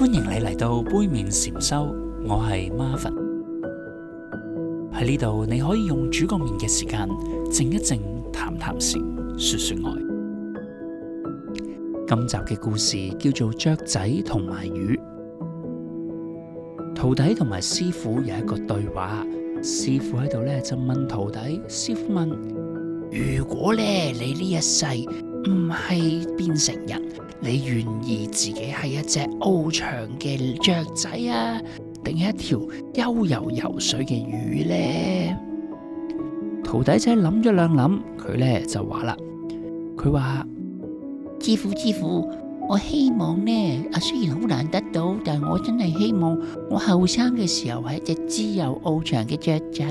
歡迎你嚟到杯麵禪修，我係 Marvin，喺呢度，你可以用煮個麵嘅時間靜一靜，談談禪，說說愛。今集嘅故事叫做雀仔同埋魚。徒弟同埋師傅有一個對話，師傅喺度咧就問徒弟，師傅問：如果咧你呢一世唔係變成人？你願意自己係一隻翱翔嘅雀仔啊，定係一條悠游游水嘅魚呢？徒弟仔諗咗兩諗，佢呢就話啦：佢話，師傅，師傅，我希望呢啊，雖然好難得到，但我真係希望我後生嘅時候係一隻自由翱翔嘅雀仔，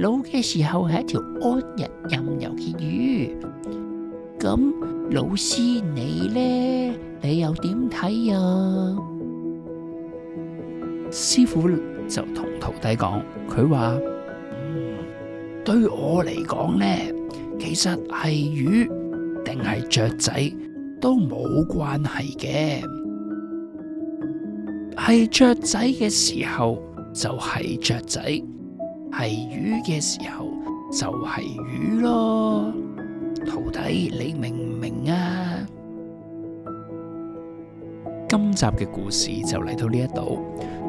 老嘅時候係一條安逸任游嘅魚。咁，老師你呢？你又點睇啊？師傅就同徒弟講，佢話、嗯，對我嚟講呢，其實係魚定係雀仔都冇關係嘅，係雀仔嘅時候就係、是、雀仔，係魚嘅時候就係、是、魚咯。你明唔明啊？今集嘅故事就嚟到呢一度，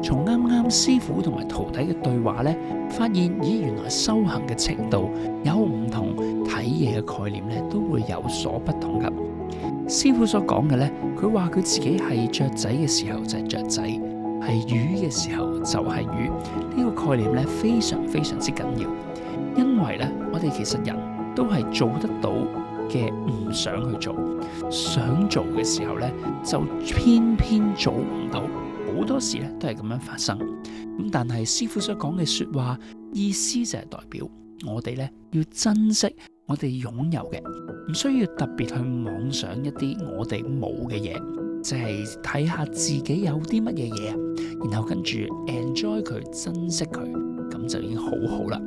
從啱啱師父同埋徒弟嘅對話呢，發現咦，原來修行嘅程度有唔同，睇嘢嘅概念呢都會有所不同㗎。師父所講嘅呢，佢話佢自己係雀仔嘅時候就係雀仔，係魚嘅時候就係魚，呢個概念呢非常非常之緊要，因為呢我哋其實人都係做得到。嘅唔想去做，想做嘅時候呢，就偏偏做唔到，好多事呢都係咁樣發生。咁但係師父所講嘅說話意思就係代表我哋呢要珍惜我哋擁有嘅，唔需要特別去妄想一啲我哋冇嘅嘢，就係、是、睇下自己有啲乜嘢嘢，然後跟住 enjoy 佢，珍惜佢，咁就已經好好啦。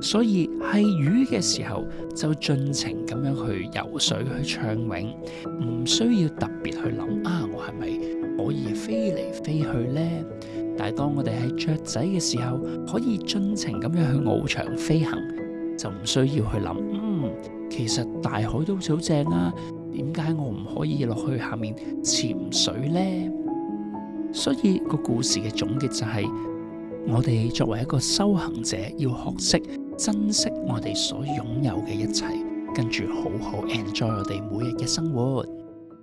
所以係魚嘅時候就盡情咁樣去游水去暢泳，唔需要特別去諗啊，我係咪可以飛嚟飛去呢？但係當我哋係雀仔嘅時候，可以盡情咁樣去翱翔飛行，就唔需要去諗。嗯，其實大海都好正啊，點解我唔可以落去下面潛水呢？所以，個故事嘅總結就係、是。我哋作為一個修行者，要學識珍惜我哋所擁有嘅一切，跟住好好 enjoy 我哋每日嘅生活。